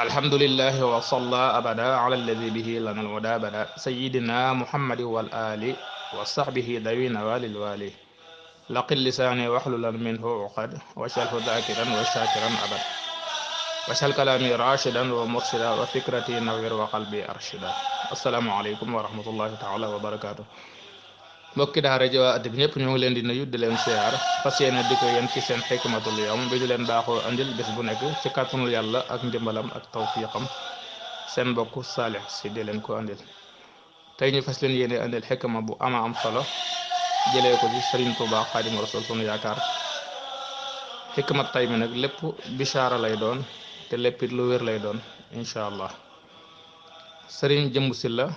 alhamdulillahi wa salla abada ala alladi bihi lana alhuda bada sayidina muhammadi wal ali wa sahbihi dawina walil wali laqil lisani waxlulan minhu uqad wacalhu dakiran wa shakiran abad wacal kalami rashidan wa mursida wa fikrati nawir wa qalbi arshida assalaamu aleykum wa rahmatullahi taala wa barakatuh mbokki daara rajo waa at bi ñëpp ñoo ngi leen di nuyu di leen siyaar fas yéene di ko yéen ci seen xikmatul yawm bi di leen baaxoo andil bés bu nekk ci kàttanul yàlla ak ndimbalam ak tawfiqam seen mbokk saalix si di leen ko andil tey ñu fas leen yéene andil xikma bu ama am solo jëlee ko ci Sëriñ Tuubaa Xaadimu Rasuul sunu yaakaar xikma tay mi nag lépp bishaara lay doon te léppit lu wér lay doon incha allah sëriñ jëmbu si la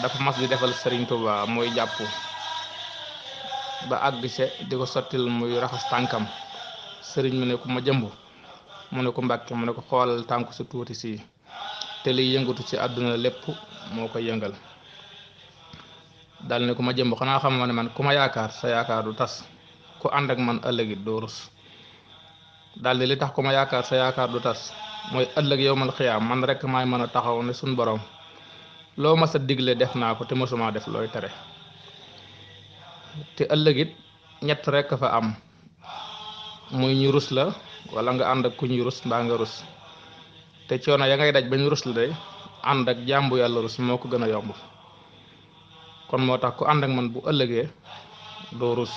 dafa mas di defal sëriñ Tuuba mooy jàpp ba àgg se di ko sottil muy raxas tànkam sëriñ mu ne ko ma jëmb mu ne ko mbàkke mu ne ko xoolal tànk su tuuti si te liy yëngatu ci àdduna lépp moo ko yëngal dal ne ko ma jëmb xanaa xam nga ne man ku ma yaakaar sa yaakaar du tas ku ànd ak man ëllëgit doo li tax ku ma yaakaar sa yaakaar du tas mooy ëllëg yow man xiyaam man rek maay mën a taxaw ne suñ borom loo mas a digle def naa ko te mosuma def looy tere te ëllëg it ñett rekk fa am muy ñu rus la wala nga ànd ak ku ñu rus mbaa nga rus te coono ya ngay daj ba ñu rus la day ànd ak jàmbu yàlla rus moo ko gën a yomb kon moo tax ku ànd ak man bu ëllëgee doo rus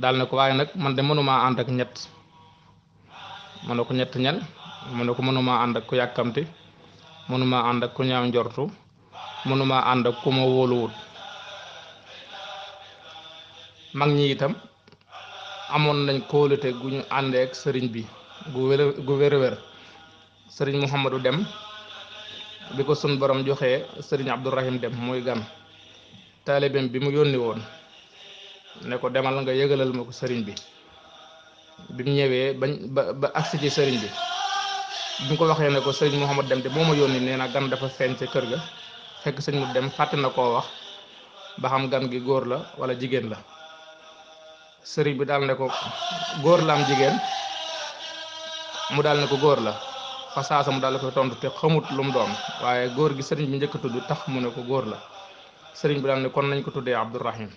daal ne ko waaye nag man de mënumaa ànd ak ñett mën na ko ñett ñan mën na ko mënumaa ànd ak ku yàkkamti mënuma ànd ak ku ñaaw njortu mënuma ànd ak ku ma wóoluwut mag ñi itam amoon nañ kóolute gu ñu àndee sëriñ bi gu wér gu wér sëriñ Mouhamadou Dem bi ko sun boroom joxe sëriñ Abdourahim Dem muy gan taalibeem bi mu yónni woon ne ko demal nga yëgalal ma ko sëriñ bi bi mu ñëwee bañ ba ba ci sëriñ bi bi ko waxee ne ko sëñ Mouhamad dem de moo ma yónni nee na gan dafa feeñ ca kër ga fekk sëñ mu dem fàtte na koo wax ba xam gan gi góor la wala jigéen la sëriñ bi daal ne ko góor la am jigéen mu daal ne ko góor la fa saasa daal la tontu te xamut lum mu doon waaye góor gi sëriñ bi njëkk a tax mu ne ko góor la sëriñ bi daal ne kon nañ ko tuddee Abdourahim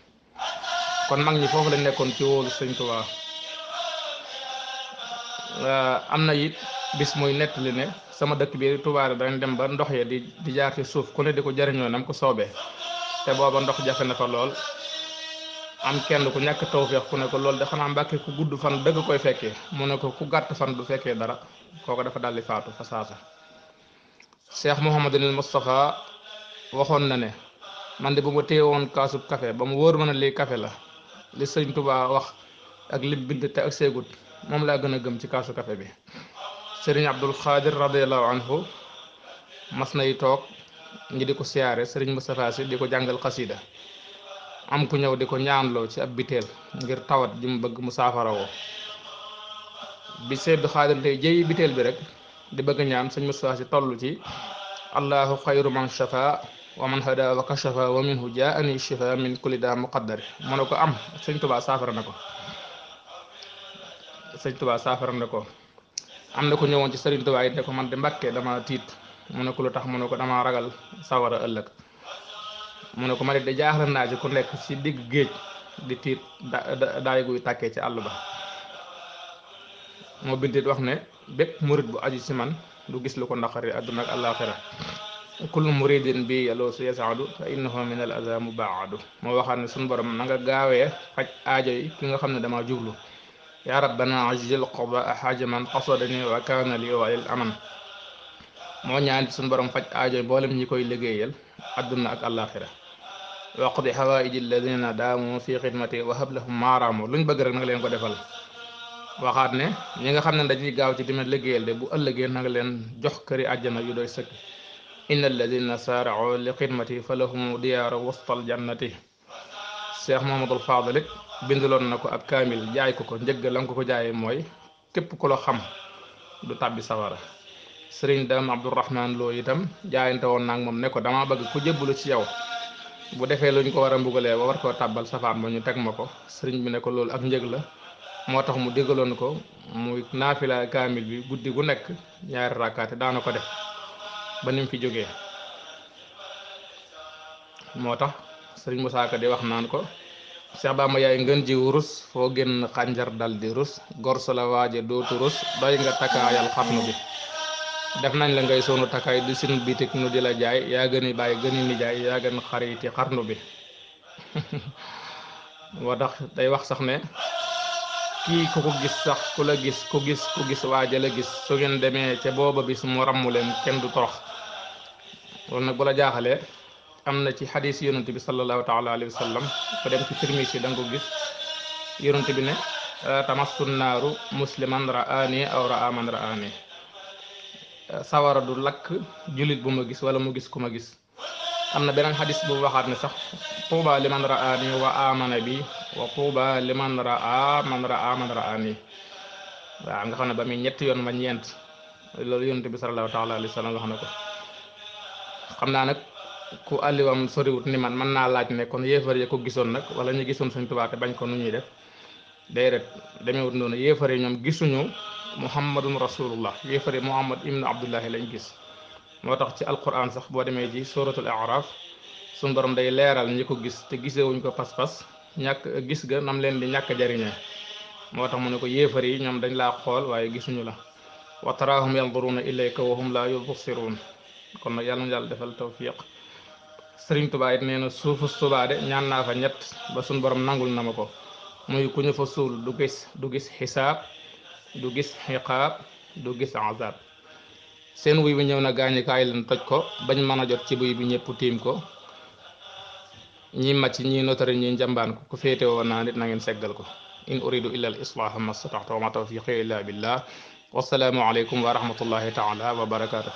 kon mag ñi foofu lañ nekkoon ci wóolu ko Tuubaa am na it bis muy li ne sama dëkk bi tubaare danañ dem ba ndox yee di di jaar ci suuf ku ne di ko jariñoo nam ko soobee te booba ndox jafe na fa lool am kenn ku ñàkk tawféex ku ne ko loolu de xanaa mbàkke ku gudd fan dëgg koy fekkee mu ne ko ku gàtt fan du fekkee dara kooko dafa daldi faatu fa saasa cheikh mouhamadunil moustapha waxoon na ne man de bu ma téye woon kaasu kafe ba mu wóor ma ne lii kafe la li sëñ tubaa wax ak li bind te ak seegut moom laa gën a gëm ci kaasu café bi sëriñ Abdul Xaadir radiallahu anhu mas nay toog ñi di ko siyaare sëriñ Moustapha Sy di ko jàngal xasida am ku ñëw di ko ñaanloo ci ab biteel ngir tawat ji mu bëgg mu saafara woo bi sëriñ Abdul Xaadir tey jëyi biteel bi rek di bëgg ñaan sëriñ Moustapha Sy toll ci allahu xayru man shafa wa man hada wa kashafa wa minhu jaani shifa min kulli daa muqaddari mu ne ko am sëñ Tuubaa saafara na ko sëñ Tuubaa saafara na ko am na ko ñëwoon ci sëriñ Tuubaa ne ko man de Mbàkke dama tiit mu ne ko lu tax mu ne ko dama ragal sawara ëllëg mu ne ko ma de jaaxle naa ci ku nekk ci digg géej di tiit daay guy tàkkee ci àll ba moo bintit wax ne bépp murit bu aju ci man du gis lu ko naqari àdduna ak àllaaxira kullu muridin bi yàlloo su yasaadu fa innahu min al aza mubaadu moo waxaat ne suñu borom nanga gaawee faj aajo yi ki nga xam ne dama jublu yaa rabbana ajil qoba xaaja man qasadani wa kaana li walil aman moo ñaan di suñu borom faj aajo boolem ñi koy liggéeyal adduna ak àllaaxira waqdi xawaaiji alladina daamu fi xidmati wa hablahum maaraamu luñ bëgg rek nanga leen ko defal waxaat ne ñi nga xam ne dañuy gaaw ci dima liggéeyal de bu ëllëgee nanga leen jox këri àjjana yu doy sëkk inna alladina saarao li xidmati fa lahum diyaaru wastal jannati Cheikh Mouhamadul Fadal it bindaloon na ko ab kaamil jaay ko ko njëgg la nga ko ko jaayee mooy képp ku la xam du tàbbi sawara sëriñ Dame Abdourahman Lo itam jaayante woon naa ne ko damaa bëgg ku jébbalu ci yow bu defee luñ ko war a mbugalee ba war koo tàbbal safaan ba ñu teg ma ko sëriñ bi ne ko loolu ak njëg la moo tax mu digaloon ko muy naafila kaamil bi guddi gu nekk ñaari rakkaate daana ko def ba ni fi jógee moo tax. sëriñ Moussa Ka di wax naan ko Cheikh Bamba yaay ngën ji rus foo génn xànjar dal di rus gor su la waaje dootu rus doy nga takkaayal xarnu bi def nañ la ngay sonu takkaay di sin bitik nu di la jaay yaa gën i bàyyi gën i nijaay yaa gën xariti xarnu bi moo tax day wax sax ne kii ku ko gis sax ku la gis ku gis ku gis waaja la gis su ngeen demee ca booba bi su mu ràmmu leen kenn du torox loolu nag bu la jaaxalee am na ci xadis yonent bi sallallahu taala alayhi wa sallam ko dem ci Tirmisi da nga ko gis yonent bi ne tamassu naaru musliman raani aw raa man raani sawara du lakk julit bu ma gis wala mu gis ku ma gis am na beneen xadis bu waxaat ne sax tuuba liman raani wa amana bi wa tuuba liman raa man raa man raani waaw nga xam ne ba muy ñetti yoon ma ñeent loolu yonent bi sallallahu taala alayhi wa sallam wax na ko xam naa nag ku àlliwam soriwut ni man mën naa laaj ne kon yéefar ya ko gisoon nag wala ñu gisoon Sëñ Tuubaa te bañ ko nu ñuy def déedéet demewut noonu yéefar yi ñoom gisuñu muhammadun rasulullah yéefar yi muhammad ibnu abdullahi lañ gis moo tax ci alquran sax boo demee ji suratul araf suñu borom day leeral ñu ko gis te gisewuñ ko pas-pas ñàkk gis ga nam leen di ñàkk jariñee moo tax mu ne ko yéefar yi ñoom dañ laa xool waaye gisuñu la wa taraahum yanduruuna ilayka hum laa yubsiruun kon nag yàlla na yàlla defal tawfiq sëriñ tubaa it nee na suufu tubaa de ñaan naa fa ñett ba suñ borom nangul na ma ko muy ku ñu fa suul du gis du gis xisaab du gis xiqaab du gis azab seen wuy bi ñëw na gaañi kaay leen toj ko bañ ma a jot ci buy bi ñëpp tiim ko ñi màcc ñi notari ñi njambaan ko ku féete woon naa na ngeen seggal ko in uridu illa al ma stataxta wa ma tawfiqi illa billah wasalaamu aleykum wa rahmatullahi taala wa barakatuh